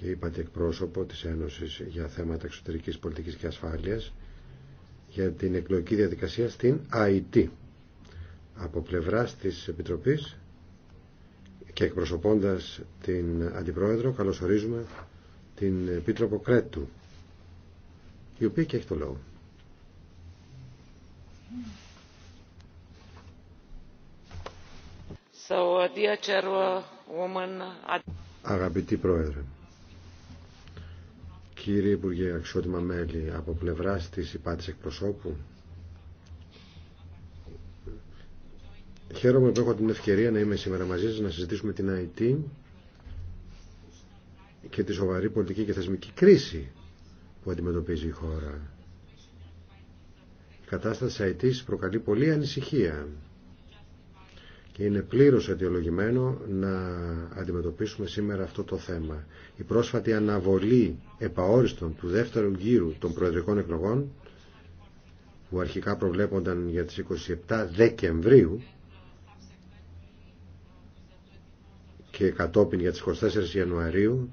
και είπατε εκπρόσωπο της Ένωσης για θέματα εξωτερικής πολιτικής και ασφάλειας για την εκλογική διαδικασία στην ΑΙΤ. Από πλευράς της Επιτροπής και εκπροσωπώντας την Αντιπρόεδρο καλωσορίζουμε την Επίτροπο Κρέτου η οποία και έχει το λόγο. So, uh, dear uh, Αγαπητή Πρόεδρε, Κύριε Υπουργέ, αξιότιμα μέλη, από πλευρά τη υπάτη εκπροσώπου, Χαίρομαι που έχω την ευκαιρία να είμαι σήμερα μαζί σα να συζητήσουμε την ΑΕΤ και τη σοβαρή πολιτική και θεσμική κρίση που αντιμετωπίζει η χώρα. Η κατάσταση τη προκαλεί πολλή ανησυχία και είναι πλήρως αιτιολογημένο να αντιμετωπίσουμε σήμερα αυτό το θέμα. Η πρόσφατη αναβολή επαόριστον του δεύτερου γύρου των προεδρικών εκλογών που αρχικά προβλέπονταν για τις 27 Δεκεμβρίου και κατόπιν για τις 24 Ιανουαρίου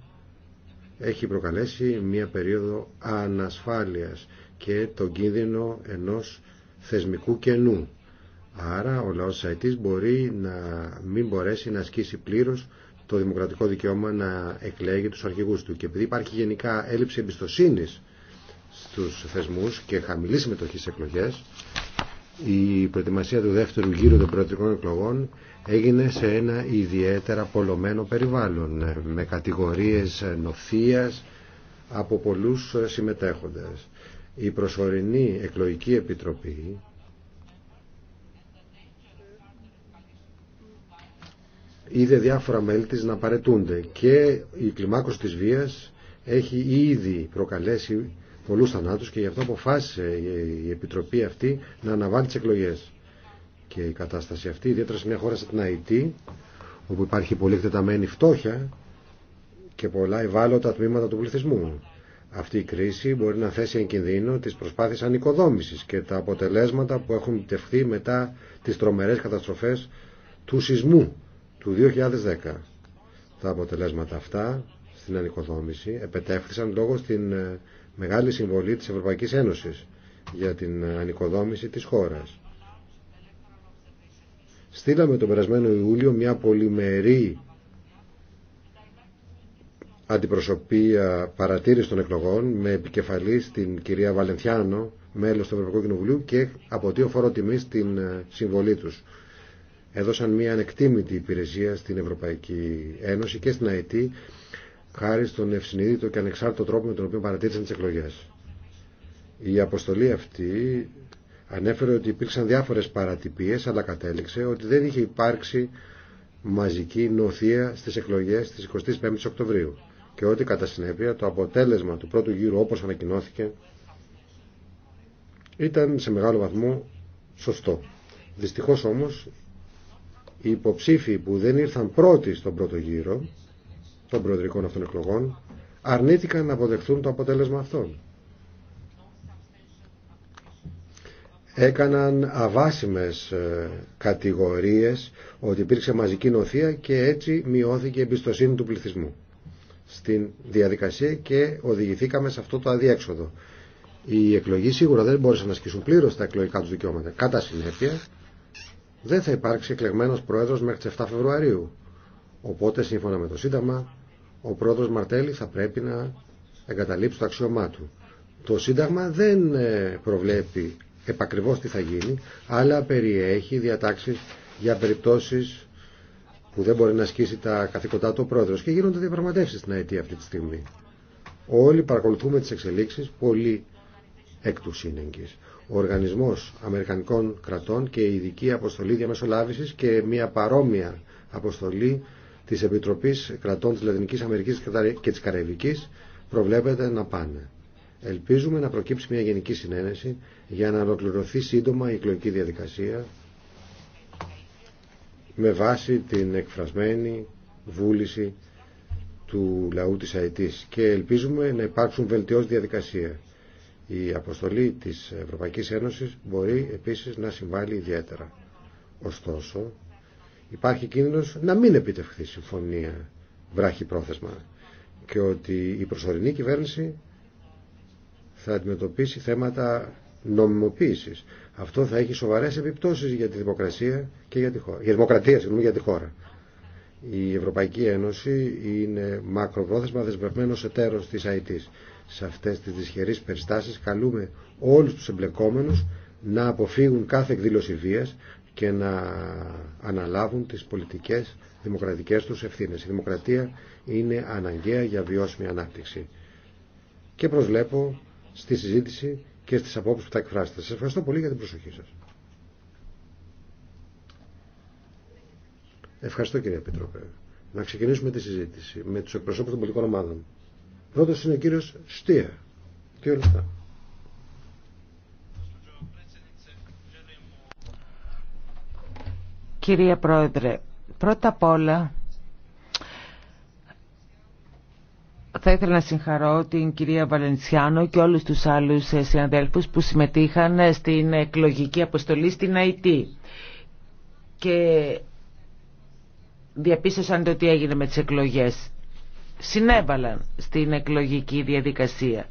έχει προκαλέσει μια περίοδο ανασφάλειας και τον κίνδυνο ενός θεσμικού κενού Άρα ο λαός της μπορεί να μην μπορέσει να ασκήσει πλήρως το δημοκρατικό δικαίωμα να εκλέγει τους αρχηγούς του. Και επειδή υπάρχει γενικά έλλειψη εμπιστοσύνης στους θεσμούς και χαμηλή συμμετοχή σε εκλογές, η προετοιμασία του δεύτερου γύρου των προεδρικών εκλογών έγινε σε ένα ιδιαίτερα πολλωμένο περιβάλλον με κατηγορίες νοθείας από πολλούς συμμετέχοντες. Η προσωρινή εκλογική επιτροπή είδε διάφορα μέλη της να παρετούνται και η κλιμάκωση της βίας έχει ήδη προκαλέσει πολλούς θανάτους και γι' αυτό αποφάσισε η Επιτροπή αυτή να αναβάλει τις εκλογές. Και η κατάσταση αυτή, ιδιαίτερα σε μια χώρα σαν την Αϊτή, όπου υπάρχει πολύ εκτεταμένη φτώχεια και πολλά ευάλωτα τμήματα του πληθυσμού. Αυτή η κρίση μπορεί να θέσει εν κινδύνο τις προσπάθειες ανοικοδόμησης και τα αποτελέσματα που έχουν επιτευχθεί μετά τις τρομερές καταστροφές του σεισμού του 2010. Τα αποτελέσματα αυτά στην ανοικοδόμηση επετέφθησαν λόγω στην ε, μεγάλη συμβολή της Ευρωπαϊκής Ένωσης για την ε, ανοικοδόμηση της χώρας. Στείλαμε τον περασμένο Ιούλιο μια πολυμερή αντιπροσωπεία παρατήρηση των εκλογών με επικεφαλή στην κυρία Βαλενθιάνο, μέλος του Ευρωπαϊκού Κοινοβουλίου και αποτείω φορό τιμή στην ε, συμβολή τους έδωσαν μια ανεκτήμητη υπηρεσία στην Ευρωπαϊκή Ένωση και στην ΑΕΤ χάρη στον ευσυνείδητο και ανεξάρτητο τρόπο με τον οποίο παρατήρησαν τις εκλογές. Η αποστολή αυτή ανέφερε ότι υπήρξαν διάφορες παρατυπίες αλλά κατέληξε ότι δεν είχε υπάρξει μαζική νοθεία στις εκλογές τη 25 η Οκτωβρίου και ότι κατά συνέπεια το αποτέλεσμα του πρώτου γύρου όπω ανακοινώθηκε ήταν σε μεγάλο βαθμό σωστό. Δυστυχώς όμως οι υποψήφοι που δεν ήρθαν πρώτοι στον πρώτο γύρο των προεδρικών αυτών εκλογών αρνήθηκαν να αποδεχθούν το αποτέλεσμα αυτών. Έκαναν αβάσιμες ε, κατηγορίες ότι υπήρξε μαζική νοθεία και έτσι μειώθηκε η εμπιστοσύνη του πληθυσμού στην διαδικασία και οδηγηθήκαμε σε αυτό το αδιέξοδο. Οι εκλογοί σίγουρα δεν μπόρεσαν να ασκήσουν πλήρως τα εκλογικά τους δικαιώματα. Κατά συνέπεια, δεν θα υπάρξει εκλεγμένο πρόεδρος μέχρι τι 7 Φεβρουαρίου. Οπότε, σύμφωνα με το Σύνταγμα, ο πρόεδρος Μαρτέλη θα πρέπει να εγκαταλείψει το αξιωμά του. Το Σύνταγμα δεν ε, προβλέπει επακριβώς τι θα γίνει, αλλά περιέχει διατάξεις για περιπτώσεις που δεν μπορεί να ασκήσει τα καθήκοντά του ο πρόεδρος και γίνονται διαπραγματεύσει στην ΑΕΤ αυτή τη στιγμή. Όλοι παρακολουθούμε τι εξελίξει, πολύ εκ του σύνεγγης. Ο Οργανισμός Αμερικανικών Κρατών και η Ειδική Αποστολή Διαμεσολάβησης και μια παρόμοια αποστολή της Επιτροπής Κρατών της Λατινικής Αμερικής και της Καραϊβικής προβλέπεται να πάνε. Ελπίζουμε να προκύψει μια γενική συνένεση για να ολοκληρωθεί σύντομα η εκλογική διαδικασία με βάση την εκφρασμένη βούληση του λαού της ΑΕΤ και ελπίζουμε να υπάρξουν βελτιώσεις διαδικασία. Η αποστολή της Ευρωπαϊκής Ένωσης μπορεί επίσης να συμβάλλει ιδιαίτερα. Ωστόσο, υπάρχει κίνδυνος να μην επιτευχθεί συμφωνία βράχη πρόθεσμα και ότι η προσωρινή κυβέρνηση θα αντιμετωπίσει θέματα νομιμοποίησης. Αυτό θα έχει σοβαρές επιπτώσεις για τη δημοκρασία και για τη χώρα. Για δημοκρατία, για τη χώρα. Η Ευρωπαϊκή Ένωση είναι μακροπρόθεσμα δεσμευμένος εταίρος της ΑΕΤ σε αυτές τις δυσχερείς περιστάσεις καλούμε όλους τους εμπλεκόμενους να αποφύγουν κάθε εκδήλωση βίας και να αναλάβουν τις πολιτικές δημοκρατικές τους ευθύνες. Η δημοκρατία είναι αναγκαία για βιώσιμη ανάπτυξη. Και προσβλέπω στη συζήτηση και στις απόψεις που θα εκφράσετε. Σας ευχαριστώ πολύ για την προσοχή σας. Ευχαριστώ κύριε Επιτρόπε. Να ξεκινήσουμε τη συζήτηση με τους εκπροσώπους των πολιτικών ομάδων. Πρώτος είναι ο κύριο Στία. Δύο Κυρία Πρόεδρε, πρώτα απ' όλα θα ήθελα να συγχαρώ την κυρία Βαλενσιάνο και όλους τους άλλους ε, συναδέλφους που συμμετείχαν ε, στην εκλογική αποστολή στην ΑΕΤ. Και διαπίστωσαν το τι έγινε με τις εκλογές συνέβαλαν στην εκλογική διαδικασία.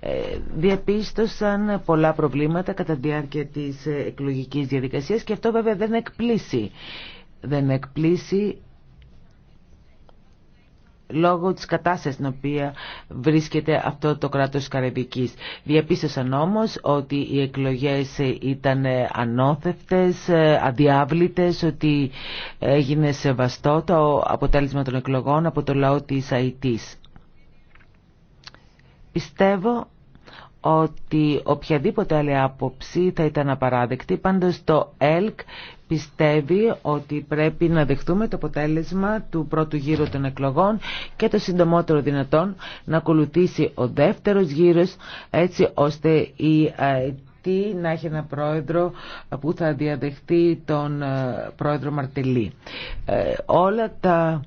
Ε, διαπίστωσαν πολλά προβλήματα κατά τη διάρκεια της ε, εκλογικής διαδικασίας και αυτό βέβαια δεν εκπλήσει. Δεν εκπλήσει λόγω της κατάστασης στην οποία βρίσκεται αυτό το κράτος Καραϊβικής. Διαπίστωσαν όμως ότι οι εκλογές ήταν ανώθευτες, αδιάβλητες, ότι έγινε σεβαστό το αποτέλεσμα των εκλογών από το λαό της Αιτής. Πιστεύω ότι οποιαδήποτε άλλη άποψη θα ήταν απαράδεκτη. Πάντως το ΕΛΚ πιστεύει ότι πρέπει να δεχτούμε το αποτέλεσμα του πρώτου γύρου των εκλογών και το συντομότερο δυνατόν να ακολουθήσει ο δεύτερος γύρος έτσι ώστε η τι να έχει ένα πρόεδρο που θα διαδεχτεί τον ε, πρόεδρο Μαρτελή. Ε, όλα τα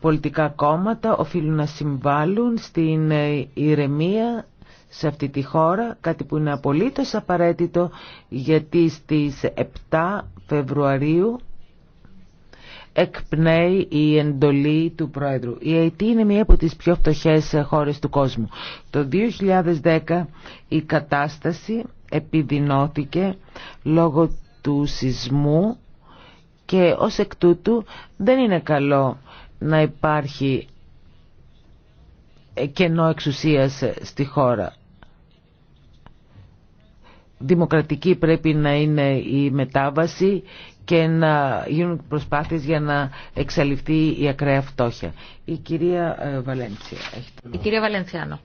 πολιτικά κόμματα οφείλουν να συμβάλλουν στην ε, ηρεμία σε αυτή τη χώρα, κάτι που είναι απολύτως απαραίτητο γιατί στις 7 Φεβρουαρίου εκπνέει η εντολή του Πρόεδρου. Η ΑΕΤ είναι μία από τις πιο φτωχές χώρες του κόσμου. Το 2010 η κατάσταση επιδεινώθηκε λόγω του σεισμού και ως εκ τούτου δεν είναι καλό να υπάρχει κενό εξουσίας στη χώρα. Δημοκρατική πρέπει να είναι η μετάβαση και να γίνουν προσπάθειες για να εξαλειφθεί η ακραία φτώχεια. Η κυρία ε, Βαλέντσια. Η κυρία Βαλεντσιάνο.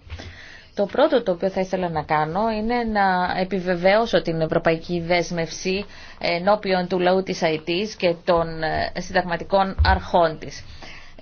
Το πρώτο το οποίο θα ήθελα να κάνω είναι να επιβεβαίωσω την ευρωπαϊκή δέσμευση ενώπιον του λαού της ΑΕΤ και των ε, συνταγματικών αρχών της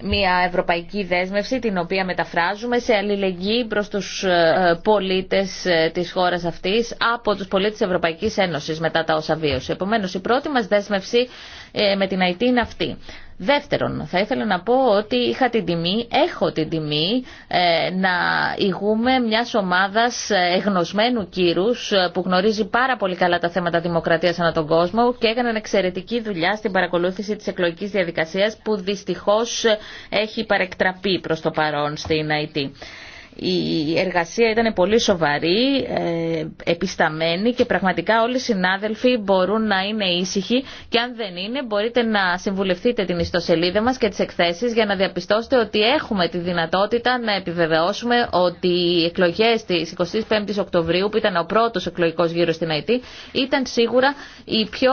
μια ευρωπαϊκή δέσμευση την οποία μεταφράζουμε σε αλληλεγγύη προς τους ε, πολίτες ε, της χώρας αυτής από τους πολίτες της Ευρωπαϊκής Ένωσης μετά τα όσα βίωσε. Επομένως η πρώτη μας δέσμευση ε, με την IT είναι αυτή. Δεύτερον, θα ήθελα να πω ότι είχα την τιμή, έχω την τιμή ε, να ηγούμε μια ομάδα ε, εγνωσμένου κύρου ε, που γνωρίζει πάρα πολύ καλά τα θέματα δημοκρατία ανά τον κόσμο και έκαναν εξαιρετική δουλειά στην παρακολούθηση τη εκλογική διαδικασία που δυστυχώ έχει παρεκτραπεί προ το παρόν στην ΑΕΤ. Η εργασία ήταν πολύ σοβαρή, ε, επισταμένη και πραγματικά όλοι οι συνάδελφοι μπορούν να είναι ήσυχοι και αν δεν είναι μπορείτε να συμβουλευτείτε την ιστοσελίδα μας και τις εκθέσεις για να διαπιστώσετε ότι έχουμε τη δυνατότητα να επιβεβαιώσουμε ότι οι εκλογές της 25ης Οκτωβρίου που ήταν ο πρώτος εκλογικός γύρος στην αιτή ήταν σίγουρα οι πιο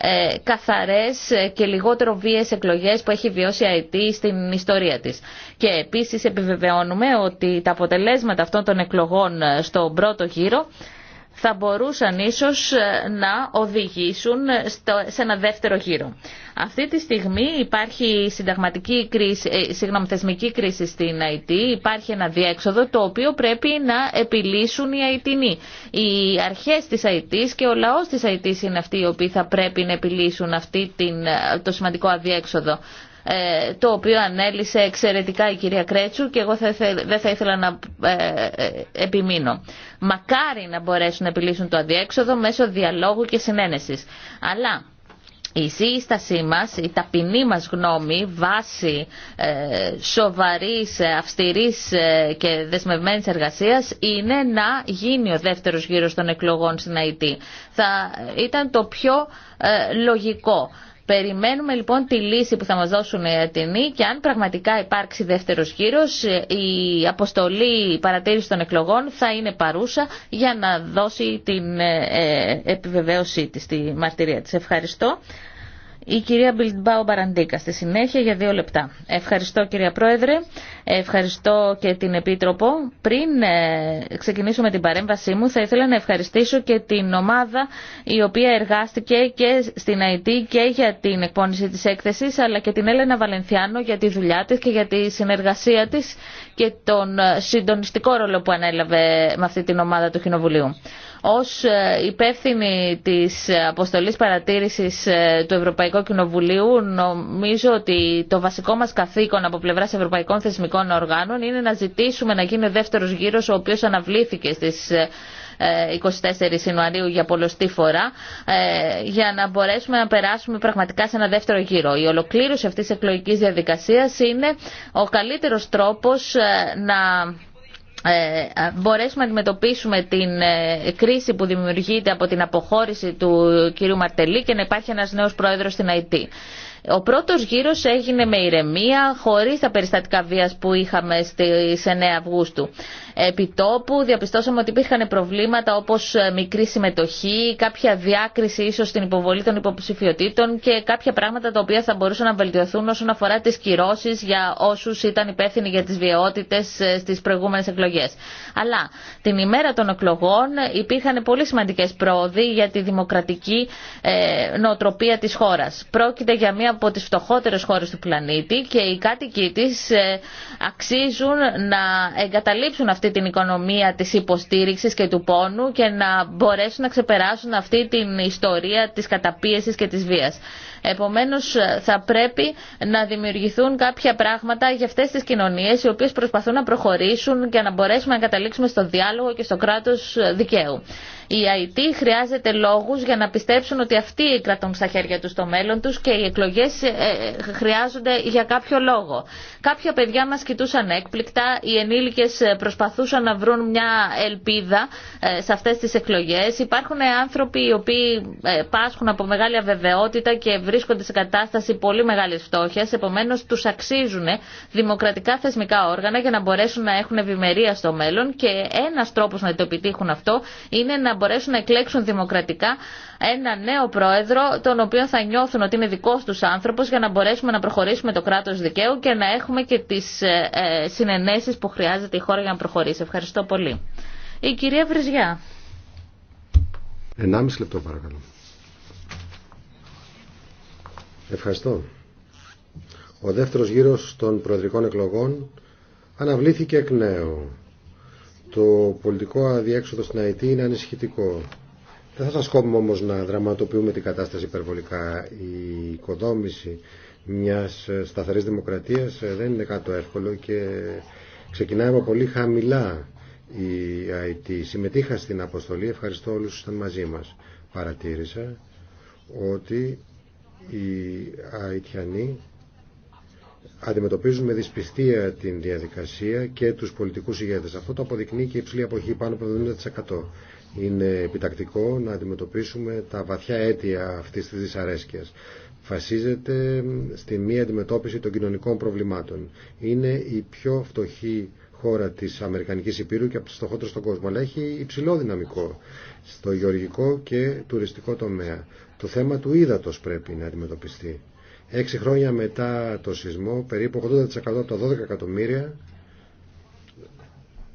ε, καθαρές και λιγότερο βίαιες εκλογές που έχει βιώσει η ΑΕΤ στην ιστορία της. Και επίσης επιβεβαιώνουμε ότι τα αποτελέσματα αυτών των εκλογών στον πρώτο γύρο θα μπορούσαν ίσως ε, να οδηγήσουν ε, στο, σε ένα δεύτερο γύρο. Αυτή τη στιγμή υπάρχει συνταγματική κρίση, ε, θεσμική κρίση στην ΑΕΤ, υπάρχει ένα διέξοδο το οποίο πρέπει να επιλύσουν οι ΑΕΤΙΝοί. Οι αρχές της ΑΕΤ και ο λαός της ΑΕΤ είναι αυτοί οι οποίοι θα πρέπει να επιλύσουν αυτή την, το σημαντικό αδιέξοδο. Ε, το οποίο ανέλησε εξαιρετικά η κυρία Κρέτσου και εγώ δεν θα ήθελα να ε, ε, επιμείνω. Μακάρι να μπορέσουν να επιλύσουν το αδιέξοδο μέσω διαλόγου και συνένεσης. Αλλά η σύστασή μας, η ταπεινή μας γνώμη βάσει ε, σοβαρής, αυστηρής και δεσμευμένης εργασίας είναι να γίνει ο δεύτερος γύρος των εκλογών στην ΑΕΤ. Θα ήταν το πιο λογικό. Περιμένουμε λοιπόν τη λύση που θα μας δώσουν οι Αττινοί και αν πραγματικά υπάρξει δεύτερος γύρος η αποστολή παρατήρηση των εκλογών θα είναι παρούσα για να δώσει την ε, ε, επιβεβαίωσή της στη μαρτυρία της. Ευχαριστώ. Η κυρία Μπιλτμπάου Μπαραντίκα στη συνέχεια για δύο λεπτά. Ευχαριστώ κυρία Πρόεδρε, ευχαριστώ και την Επίτροπο. Πριν ε, ξεκινήσω με την παρέμβασή μου θα ήθελα να ευχαριστήσω και την ομάδα η οποία εργάστηκε και στην ΑΕΤ και για την εκπόνηση της έκθεσης αλλά και την Έλενα Βαλενθιάνο για τη δουλειά της και για τη συνεργασία της και τον συντονιστικό ρόλο που ανέλαβε με αυτή την ομάδα του Κοινοβουλίου. Ως ε, υπεύθυνη της αποστολής παρατήρησης ε, του Ευρωπαϊκού Κοινοβουλίου νομίζω ότι το βασικό μας καθήκον από πλευράς ευρωπαϊκών θεσμικών οργάνων είναι να ζητήσουμε να γίνει ο δεύτερος γύρος ο οποίος αναβλήθηκε στις 24 ε, Ιανουαρίου για πολλωστή φορά για να μπορέσουμε να περάσουμε πραγματικά σε ένα δεύτερο γύρο. Η ολοκλήρωση αυτής της εκλογικής διαδικασίας είναι ο καλύτερος τρόπος να ε, ε, μπορέσουμε να αντιμετωπίσουμε την ε, κρίση που δημιουργείται από την αποχώρηση του κυρίου Μαρτελή και να υπάρχει ένας νέος πρόεδρος στην ΑΕΤ. Ο πρώτος γύρος έγινε με ηρεμία, χωρίς τα περιστατικά βίας που είχαμε στις 9 Αυγούστου. Επιτόπου διαπιστώσαμε ότι υπήρχαν προβλήματα όπως ε, μικρή συμμετοχή, κάποια διάκριση ίσως στην υποβολή των υποψηφιωτήτων και κάποια πράγματα τα οποία θα μπορούσαν να βελτιωθούν όσον αφορά τις κυρώσεις για όσους ήταν υπεύθυνοι για τις βιαιότητες ε, στις προηγούμενες εκλογές. Αλλά την ημέρα των εκλογών υπήρχαν πολύ σημαντικές πρόοδοι για τη δημοκρατική ε, νοοτροπία της χώρας. Πρόκειται για μια από τις φτωχότερες χώρες του πλανήτη και οι κάτοικοι της ε, αξίζουν να εγκαταλείψουν αυτή την οικονομία της υποστήριξης και του πόνου και να μπορέσουν να ξεπεράσουν αυτή την ιστορία της καταπίεσης και της βίας. Επομένως ε, θα πρέπει να δημιουργηθούν κάποια πράγματα για αυτές τις κοινωνίες οι οποίες προσπαθούν να προχωρήσουν και να μπορέσουμε να καταλήξουμε στο διάλογο και στο κράτος δικαίου. Η ΑΕΤ χρειάζεται λόγους για να πιστέψουν ότι αυτοί κρατούν στα χέρια τους το μέλλον τους και οι εκλογές ε, ε, χρειάζονται για κάποιο λόγο. Κάποια παιδιά μας κοιτούσαν έκπληκτα, οι ενήλικες προσπαθούσαν να βρουν μια ελπίδα ε, σε αυτές τις εκλογές. Υπάρχουν άνθρωποι οι οποίοι πάσχουν από μεγάλη αβεβαιότητα και βρίσκονται σε κατάσταση πολύ μεγάλης φτώχειας, επομένως τους αξίζουν δημοκρατικά θεσμικά όργανα για να μπορέσουν να έχουν ευημερία στο μέλλον και ένας τρόπος να το επιτύχουν αυτό είναι να μπορέσουν να εκλέξουν δημοκρατικά ένα νέο πρόεδρο, τον οποίο θα νιώθουν ότι είναι δικό του άνθρωπο, για να μπορέσουμε να προχωρήσουμε το κράτο δικαίου και να έχουμε και τι ε, ε, συνενέσει που χρειάζεται η χώρα για να προχωρήσει. Ευχαριστώ πολύ. Η κυρία Βριζιά. 1,5 λεπτό παρακαλώ. Ευχαριστώ. Ο δεύτερος γύρος των προεδρικών εκλογών αναβλήθηκε εκ νέου. Το πολιτικό αδιέξοδο στην ΑΕΤ είναι ανησυχητικό. Δεν θα σας κόβουμε όμως να δραματοποιούμε την κατάσταση υπερβολικά. Η οικοδόμηση μιας σταθερής δημοκρατίας ε, δεν είναι κάτι εύκολο και ξεκινάει από πολύ χαμηλά η ΑΕΤ. Συμμετείχα στην αποστολή, ευχαριστώ όλους που ήταν μαζί μας. Παρατήρησα ότι οι ΑΕΤιανοί αντιμετωπίζουν με δυσπιστία την διαδικασία και τους πολιτικούς ηγέτες. Αυτό το αποδεικνύει και η υψηλή αποχή πάνω από 90%. Είναι επιτακτικό να αντιμετωπίσουμε τα βαθιά αίτια αυτής της δυσαρέσκειας. Φασίζεται στη μία αντιμετώπιση των κοινωνικών προβλημάτων. Είναι η πιο φτωχή χώρα της Αμερικανικής Υπήρου και από τις φτωχότερες στον κόσμο, αλλά έχει υψηλό δυναμικό στο γεωργικό και τουριστικό τομέα. Το θέμα του ύδατος πρέπει να αντιμετωπιστεί Έξι χρόνια μετά το σεισμό, περίπου 80% από τα 12 εκατομμύρια,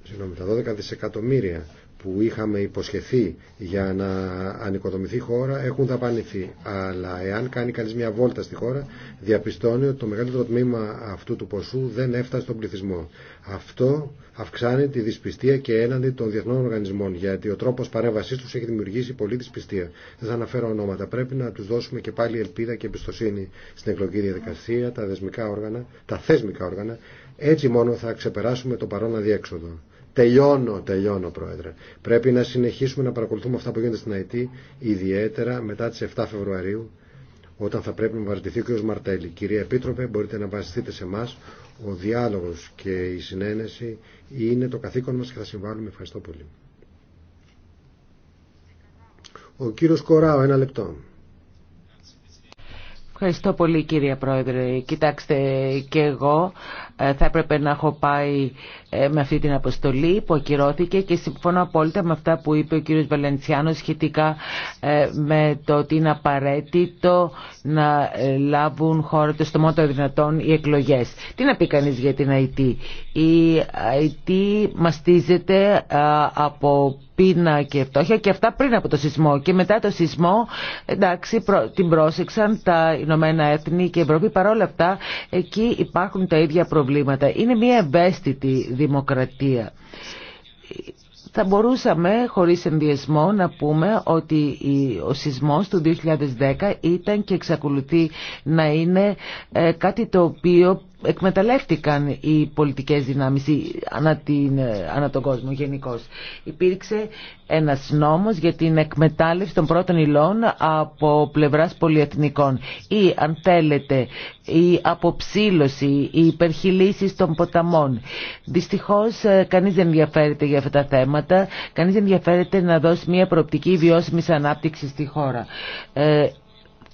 συγγνώμη, τα 12 δισεκατομμύρια που είχαμε υποσχεθεί για να ανοικοδομηθεί χώρα έχουν δαπανηθεί. Αλλά εάν κάνει κανεί μια βόλτα στη χώρα, διαπιστώνει ότι το μεγαλύτερο τμήμα αυτού του ποσού δεν έφτασε στον πληθυσμό. Αυτό αυξάνει τη δυσπιστία και έναντι των διεθνών οργανισμών, γιατί ο τρόπο παρέμβασή του έχει δημιουργήσει πολύ δυσπιστία. Δεν θα αναφέρω ονόματα. Πρέπει να του δώσουμε και πάλι ελπίδα και εμπιστοσύνη στην εκλογική διαδικασία, τα, δεσμικά όργανα, τα θεσμικά όργανα έτσι μόνο θα ξεπεράσουμε το παρόν αδιέξοδο. Τελειώνω, τελειώνω Πρόεδρε. Πρέπει να συνεχίσουμε να παρακολουθούμε αυτά που γίνονται στην ΑΕΤ, ιδιαίτερα μετά τι 7 Φεβρουαρίου, όταν θα πρέπει να βαρτηθεί ο κ. Μαρτέλη. Κυρία Επίτροπε, μπορείτε να βασιστείτε σε εμά. Ο διάλογο και η συνένεση είναι το καθήκον μα και θα συμβάλλουμε. Ευχαριστώ πολύ. Ο κύριος Κοράο, ένα λεπτό. Ευχαριστώ πολύ κύριε Πρόεδρε. Κοιτάξτε και εγώ θα έπρεπε να έχω πάει ε, με αυτή την αποστολή που ακυρώθηκε και συμφωνώ απόλυτα με αυτά που είπε ο κύριος Βαλεντσιάνο σχετικά ε, με το ότι είναι απαραίτητο να ε, λάβουν χώρα το στομό των δυνατών οι εκλογές. Τι να πει κανείς για την ΑΕΤ. Η ΑΕΤ μαστίζεται από πείνα και φτώχεια και αυτά πριν από το σεισμό και μετά το σεισμό εντάξει την πρόσεξαν τα Ηνωμένα Έθνη και Ευρώπη παρόλα αυτά εκεί υπάρχουν τα ίδια προβλήματα είναι μια ευαίσθητη δημοκρατία. Θα μπορούσαμε χωρίς ενδιασμό να πούμε ότι ο σεισμός του 2010 ήταν και εξακολουθεί να είναι ε, κάτι το οποίο εκμεταλλεύτηκαν οι πολιτικές δυνάμεις ανά, την, ε, ανά τον κόσμο γενικώ. Υπήρξε ένας νόμος για την εκμετάλλευση των πρώτων υλών από πλευράς πολυεθνικών ή αν θέλετε η αποψήλωση, οι υπερχιλήσει των ποταμών. Δυστυχώς ε, κανείς δεν ενδιαφέρεται για αυτά τα θέματα, κανείς δεν ενδιαφέρεται να δώσει μια προοπτική βιώσιμη ανάπτυξη στη χώρα. Ε,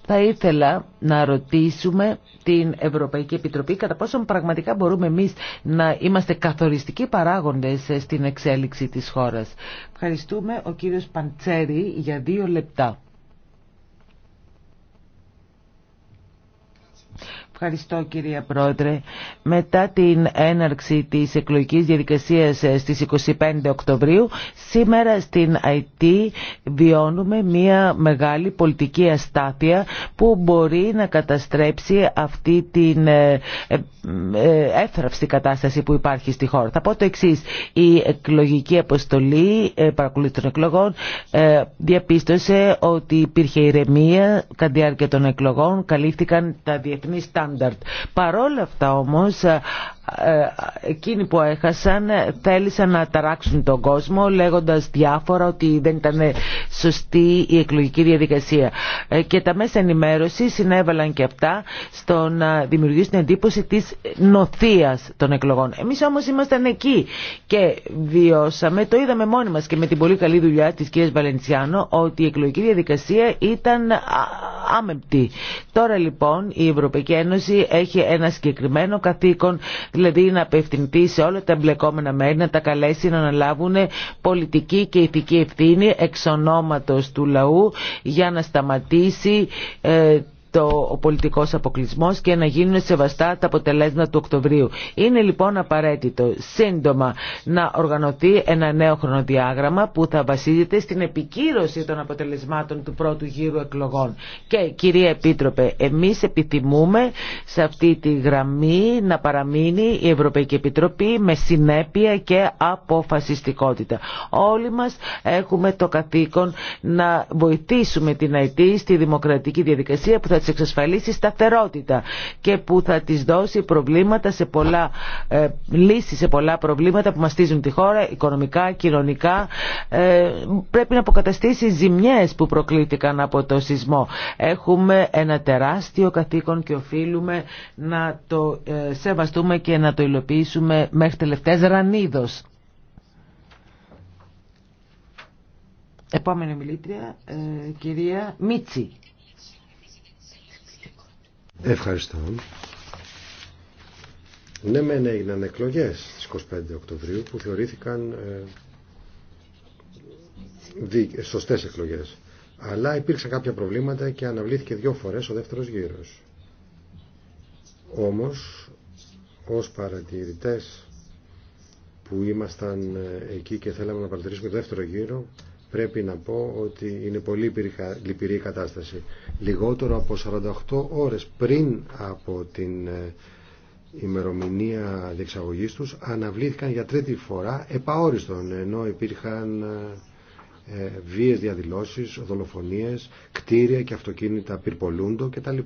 θα ήθελα να ρωτήσουμε την Ευρωπαϊκή Επιτροπή κατά πόσον πραγματικά μπορούμε εμείς να είμαστε καθοριστικοί παράγοντες στην εξέλιξη της χώρας. Ευχαριστούμε ο κύριος Παντσέρη για δύο λεπτά. Ευχαριστώ κυρία Πρόεδρε. Μετά την έναρξη της εκλογικής διαδικασίας ε, στις 25 Οκτωβρίου, σήμερα στην IT βιώνουμε μια μεγάλη πολιτική αστάθεια που μπορεί να καταστρέψει αυτή την έθραυστη ε, ε, κατάσταση που υπάρχει στη χώρα. Θα πω το εξή. Η εκλογική αποστολή παρακολούθηση των εκλογών διαπίστωσε ότι υπήρχε ηρεμία κατά διάρκεια των εκλογών, καλύφθηκαν τα διεθνή στάνταρτ. Παρόλα αυτά όμως ε, εκείνοι που έχασαν ε, θέλησαν να ταράξουν τον κόσμο λέγοντας διάφορα ότι δεν ήταν σωστή η εκλογική διαδικασία. Ε, και τα μέσα ενημέρωση συνέβαλαν και αυτά στο να δημιουργήσουν εντύπωση της νοθείας των εκλογών. Εμείς όμως ήμασταν εκεί και βιώσαμε, το είδαμε μόνοι μας και με την πολύ καλή δουλειά της κυρίας Βαλεντσιάνο ότι η εκλογική διαδικασία ήταν άμεπτη. Τώρα λοιπόν η Ευρωπαϊκή Ένωση έχει ένα συγκεκριμένο καθήκον δηλαδή να απευθυνθεί σε όλα τα εμπλεκόμενα μέρη, να τα καλέσει να αναλάβουν πολιτική και ηθική ευθύνη εξ του λαού για να σταματήσει ε, το ο πολιτικός αποκλεισμός και να γίνουν σεβαστά τα αποτελέσματα του Οκτωβρίου. Είναι λοιπόν απαραίτητο σύντομα να οργανωθεί ένα νέο χρονοδιάγραμμα που θα βασίζεται στην επικύρωση των αποτελεσμάτων του πρώτου γύρου εκλογών. Και κυρία Επίτροπε, εμείς επιθυμούμε σε αυτή τη γραμμή να παραμείνει η Ευρωπαϊκή Επιτροπή με συνέπεια και αποφασιστικότητα. Όλοι μας έχουμε το καθήκον να βοηθήσουμε την ΑΕΤ στη δημοκρατική διαδικασία που θα της εξασφαλίσει σταθερότητα και που θα της δώσει προβλήματα σε πολλά, ε, λύσεις σε πολλά προβλήματα που μαστίζουν τη χώρα, οικονομικά, κοινωνικά. Ε, πρέπει να αποκαταστήσει ζημιές που προκλήθηκαν από το σεισμό. Έχουμε ένα τεράστιο καθήκον και οφείλουμε να το ε, σεβαστούμε και να το υλοποιήσουμε μέχρι τελευταίες ρανίδος. Επόμενη μιλήτρια, κυρία Μίτσι. Ευχαριστώ. Ναι, μεν έγιναν εκλογέ στι 25 Οκτωβρίου που θεωρήθηκαν ε, σωστές εκλογές. Αλλά υπήρξαν κάποια προβλήματα και αναβλήθηκε δύο φορές ο δεύτερος γύρος. Όμως, ως παρατηρητές που ήμασταν ε, εκεί και θέλαμε να παρατηρήσουμε το δεύτερο γύρο, πρέπει να πω ότι είναι πολύ λυπηρή η κατάσταση. Λιγότερο από 48 ώρες πριν από την ε, ημερομηνία διεξαγωγής τους αναβλήθηκαν για τρίτη φορά επαόριστον ενώ υπήρχαν ε, βίες διαδηλώσεις, δολοφονίες, κτίρια και αυτοκίνητα πυρπολούντο κτλ.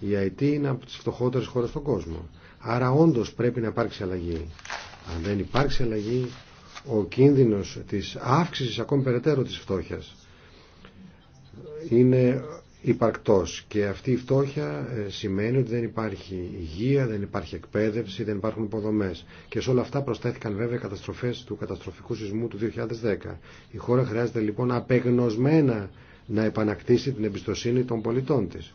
Η ΑΕΤ είναι από τις φτωχότερες χώρες στον κόσμο. Άρα όντως πρέπει να υπάρξει αλλαγή. Αν δεν υπάρξει αλλαγή ο κίνδυνος της αύξησης ακόμη περαιτέρω της φτώχειας είναι υπαρκτός και αυτή η φτώχεια ε, σημαίνει ότι δεν υπάρχει υγεία, δεν υπάρχει εκπαίδευση, δεν υπάρχουν υποδομές και σε όλα αυτά προσθέθηκαν βέβαια καταστροφές του καταστροφικού σεισμού του 2010. Η χώρα χρειάζεται λοιπόν απεγνωσμένα να επανακτήσει την εμπιστοσύνη των πολιτών της.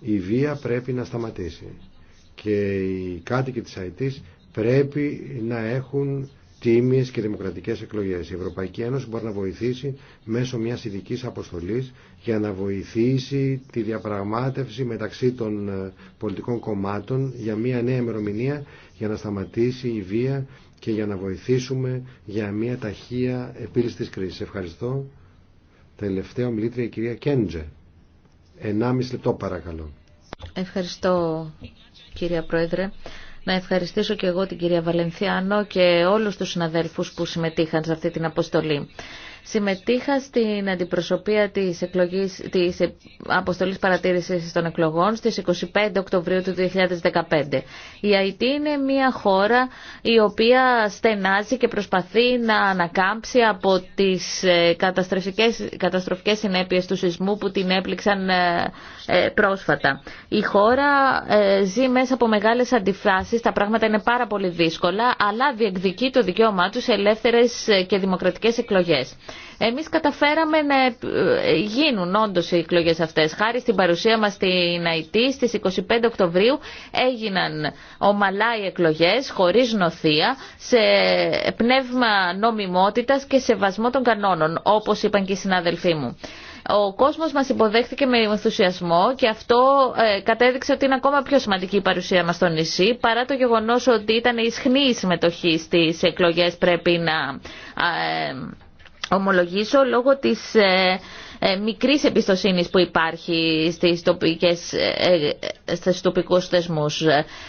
Η βία πρέπει να σταματήσει και οι κάτοικοι της ΑΕΤ πρέπει να έχουν τίμιε και δημοκρατικέ εκλογέ. Η Ευρωπαϊκή Ένωση μπορεί να βοηθήσει μέσω μια ειδική αποστολή για να βοηθήσει τη διαπραγμάτευση μεταξύ των ε, πολιτικών κομμάτων για μια νέα ημερομηνία για να σταματήσει η βία και για να βοηθήσουμε για μια ταχεία επίλυση της κρίσης. Ευχαριστώ. Τελευταία ομιλήτρια η κυρία Κέντζε. Ενάμιση λεπτό παρακαλώ. Ευχαριστώ κυρία Πρόεδρε. Να ευχαριστήσω και εγώ την κυρία Βαλενθιάνο και όλους τους συναδέλφους που συμμετείχαν σε αυτή την αποστολή. Συμμετείχα στην αντιπροσωπεία της, εκλογής, της αποστολής παρατήρησης των εκλογών στις 25 Οκτωβρίου του 2015. Η Αιτή είναι μια χώρα η οποία στενάζει και προσπαθεί να ανακάμψει από τις ε, καταστροφικές, καταστροφικές συνέπειες του σεισμού που την έπληξαν ε, ε, πρόσφατα. Η χώρα ζει μέσα από μεγάλες αντιφράσεις, τα πράγματα είναι πάρα πολύ δύσκολα, αλλά διεκδικεί το δικαίωμά τους σε ελεύθερες και δημοκρατικές εκλογές. Εμείς καταφέραμε να ε, γίνουν όντως οι εκλογές αυτές. Χάρη στην παρουσία μας στην ΑΕΤ στις 25 Οκτωβρίου έγιναν ομαλά οι εκλογές χωρίς νοθεία σε πνεύμα νομιμότητας και σεβασμό των κανόνων όπως είπαν και οι συνάδελφοί μου. Ο κόσμος μας υποδέχθηκε με ενθουσιασμό και αυτό ε, κατέδειξε ότι είναι ακόμα πιο σημαντική η παρουσία μας στο νησί παρά το γεγονός ότι ήταν ισχνή η συμμετοχή στις εκλογές πρέπει να... Ε, ομολογήσω λόγω της ε, ε, μικρής εμπιστοσύνης που υπάρχει στις τοπικές, ε, ε, στις τοπικούς θεσμούς.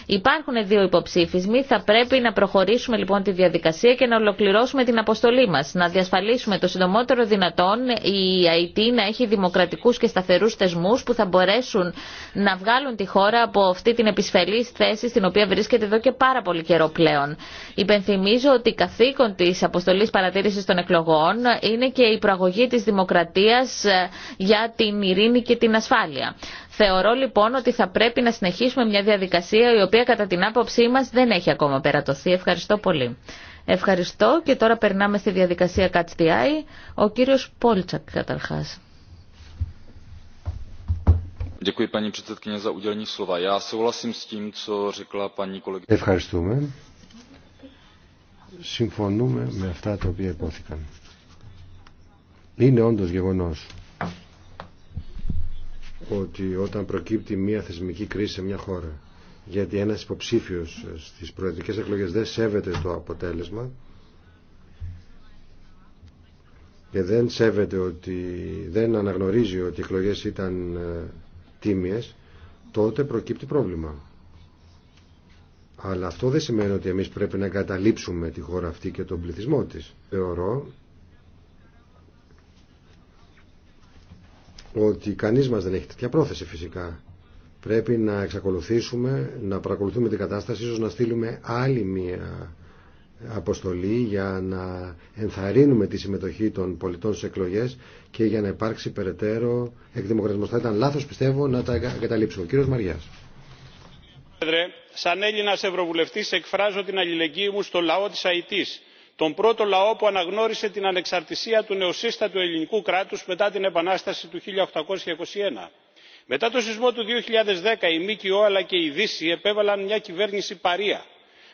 Υπάρχουν δύο υποψήφισμοι. Θα πρέπει να προχωρήσουμε λοιπόν τη διαδικασία και να ολοκληρώσουμε την αποστολή μας. Να διασφαλίσουμε το συντομότερο δυνατόν η ΑΕΤ να έχει δημοκρατικούς και σταθερούς θεσμούς που θα μπορέσουν να βγάλουν τη χώρα από αυτή την επισφελής θέση στην οποία βρίσκεται εδώ και πάρα πολύ καιρό πλέον. Υπενθυμίζω ότι καθήκον της αποστολής παρατήρησης των εκλογών είναι και η προαγωγή της δημοκρατίας ε, για την ειρήνη και την ασφάλεια. Θεωρώ λοιπόν ότι θα πρέπει να συνεχίσουμε μια διαδικασία η οποία κατά την άποψή μας δεν έχει ακόμα περατωθεί. Ευχαριστώ πολύ. Ευχαριστώ και τώρα περνάμε στη διαδικασία ΚΑΤΣΤΙΑΗ. Ο κύριος Πόλτσακ καταρχάς. Ευχαριστούμε. Συμφωνούμε με αυτά τα οποία υπόθηκαν. Είναι όντως γεγονός ότι όταν προκύπτει μια θεσμική κρίση σε μια χώρα γιατί ένας υποψήφιος στις προεδρικές εκλογές δεν σέβεται το αποτέλεσμα και δεν σέβεται ότι δεν αναγνωρίζει ότι οι εκλογές ήταν ε, τίμιες τότε προκύπτει πρόβλημα. Αλλά αυτό δεν σημαίνει ότι εμείς πρέπει να καταλήψουμε τη χώρα αυτή και τον πληθυσμό της. Θεωρώ ότι κανείς μας δεν έχει τέτοια πρόθεση φυσικά. Πρέπει να εξακολουθήσουμε, να παρακολουθούμε την κατάσταση, ίσως να στείλουμε άλλη μία αποστολή για να ενθαρρύνουμε τη συμμετοχή των πολιτών στις εκλογές και για να υπάρξει περαιτέρω εκδημοκρατισμός. Θα ήταν λάθος πιστεύω να τα εγκαταλείψω. κύριος Μαριάς. Σαν Έλληνας Ευρωβουλευτής εκφράζω την αλληλεγγύη μου στο λαό της Αιτής τον πρώτο λαό που αναγνώρισε την ανεξαρτησία του νεοσύστατου ελληνικού κράτους μετά την επανάσταση του. 1821. μετά το σεισμό του 2010 η μκο αλλά και η δύση επέβαλαν μια κυβέρνηση παρία.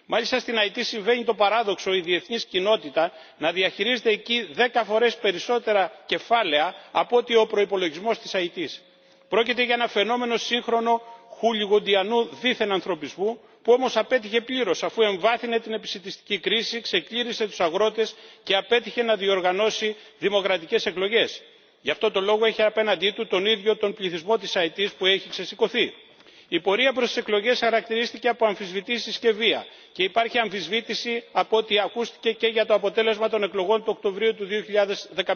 μάλιστα στην αϊτή συμβαίνει το παράδοξο η διεθνής κοινότητα να διαχειρίζεται εκεί δέκα φορές περισσότερα κεφάλαια από ότι ο προϋπολογισμός της αϊτής. πρόκειται για ένα φαινόμενο σύγχρονο χούλιγοντιανού δίθεν ανθρωπισμού που όμως απέτυχε πλήρως αφού εμβάθυνε την επισητιστική κρίση ξεκλήρισε τους αγρότες και απέτυχε να διοργανώσει δημοκρατικές εκλογές. γι' αυτό το λόγο έχει απέναντί του τον ίδιο τον πληθυσμό της αϊτής που έχει ξεσηκωθεί. η πορεία προς τις εκλογές χαρακτηρίστηκε από αμφισβητήσεις και βία και υπάρχει αμφισβήτηση από ό,τι ακούστηκε και για το αποτέλεσμα των εκλογών του οκτωβρίου του. 2015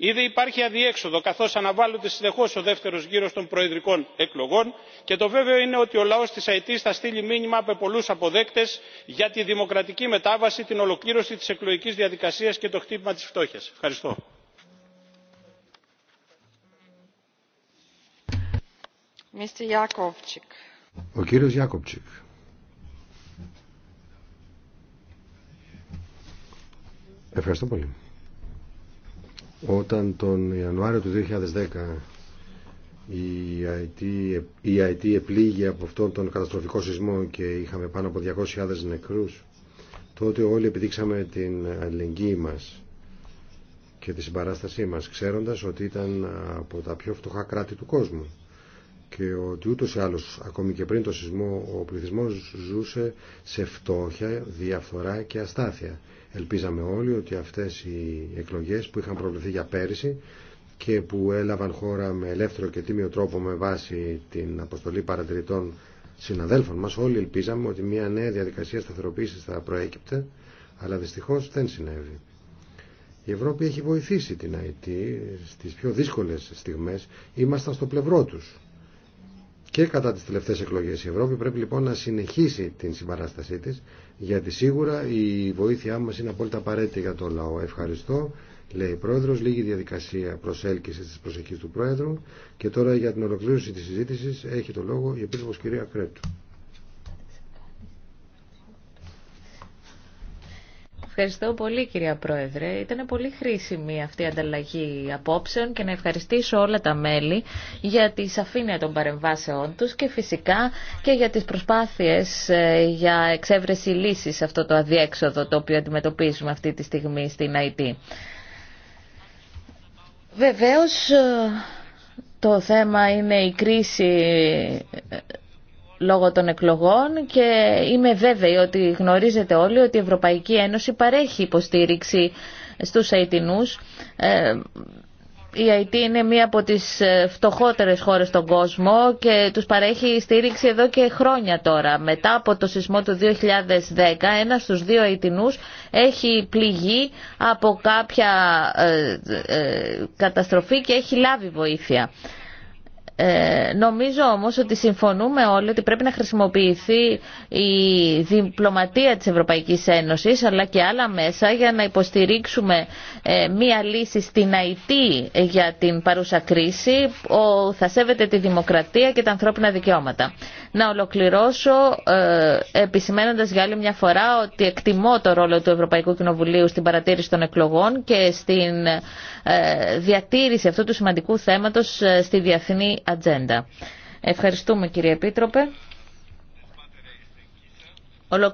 ήδη υπάρχει αδιέξοδο καθώς αναβάλλονται συνεχώς ο δεύτερος γύρος των προεδρικών εκλογών και το βέβαιο είναι ότι ο λαός της αιτίας θα στείλει μήνυμα με πολλούς αποδέκτες για τη δημοκρατική μετάβαση την ολοκλήρωση της εκλογικής διαδικασίας και το χτύπημα της φτώχειας. ευχαριστώ. Ευχαριστώ πολύ. Όταν τον Ιανουάριο του 2010 η ΑΕΤ, επλήγει από αυτόν τον καταστροφικό σεισμό και είχαμε πάνω από 200.000 νεκρούς, τότε όλοι επιδείξαμε την αλληλεγγύη μας και τη συμπαράστασή μας, ξέροντας ότι ήταν από τα πιο φτωχά κράτη του κόσμου και ότι ούτως ή άλλως ακόμη και πριν το σεισμό ο πληθυσμός ζούσε σε φτώχεια, διαφθορά και αστάθεια. Ελπίζαμε όλοι ότι αυτές οι εκλογές που είχαν προβληθεί για πέρυσι και που έλαβαν χώρα με ελεύθερο και τίμιο τρόπο με βάση την αποστολή παρατηρητών συναδέλφων μας, όλοι ελπίζαμε ότι μια νέα διαδικασία σταθεροποίησης θα προέκυπτε, αλλά δυστυχώς δεν συνέβη. Η Ευρώπη έχει βοηθήσει την ΑΕΤ στις πιο δύσκολες στιγμές, ήμασταν στο πλευρό τους και κατά τις τελευταίες εκλογές. Η Ευρώπη πρέπει λοιπόν να συνεχίσει την συμπαράστασή της, γιατί σίγουρα η βοήθειά μας είναι απόλυτα απαραίτητη για τον λαό. Ευχαριστώ, λέει η Πρόεδρος, λίγη διαδικασία προσέλκυσης της προσοχής του Πρόεδρου και τώρα για την ολοκλήρωση της συζήτησης έχει το λόγο η επίσημος κυρία Κρέτου. Ευχαριστώ πολύ κυρία Πρόεδρε. Ήταν πολύ χρήσιμη αυτή η ανταλλαγή απόψεων και να ευχαριστήσω όλα τα μέλη για τη σαφήνεια των παρεμβάσεών τους και φυσικά και για τις προσπάθειες ε, για εξέβρεση λύσης σε αυτό το αδιέξοδο το οποίο αντιμετωπίζουμε αυτή τη στιγμή στην ΑΕΤ. Βεβαίως ε, το θέμα είναι η κρίση ε, λόγω των εκλογών και είμαι βέβαιη ότι γνωρίζετε όλοι ότι η Ευρωπαϊκή Ένωση παρέχει υποστήριξη στους Αιτινούς. Ε, η Αιτή είναι μία από τις ε, φτωχότερες χώρες στον κόσμο και τους παρέχει στήριξη εδώ και χρόνια τώρα. Μετά από το σεισμό του 2010, ένας στους δύο Αιτινούς έχει πληγεί από κάποια ε, ε καταστροφή και έχει λάβει βοήθεια. Ε, νομίζω όμως ότι συμφωνούμε όλοι ότι πρέπει να χρησιμοποιηθεί η διπλωματία της Ευρωπαϊκής Ένωσης αλλά και άλλα μέσα για να υποστηρίξουμε ε, μία λύση στην Αιτή για την παρούσα κρίση που θα σέβεται τη δημοκρατία και τα ανθρώπινα δικαιώματα. Να ολοκληρώσω ε, επισημένοντας για άλλη μια φορά ότι εκτιμώ το ρόλο του Ευρωπαϊκού Κοινοβουλίου στην παρατήρηση των εκλογών και στην ε, διατήρηση αυτού του σημαντικού θέματος ε, στη διεθνή Ευχαριστούμε κύριε Επίτροπε.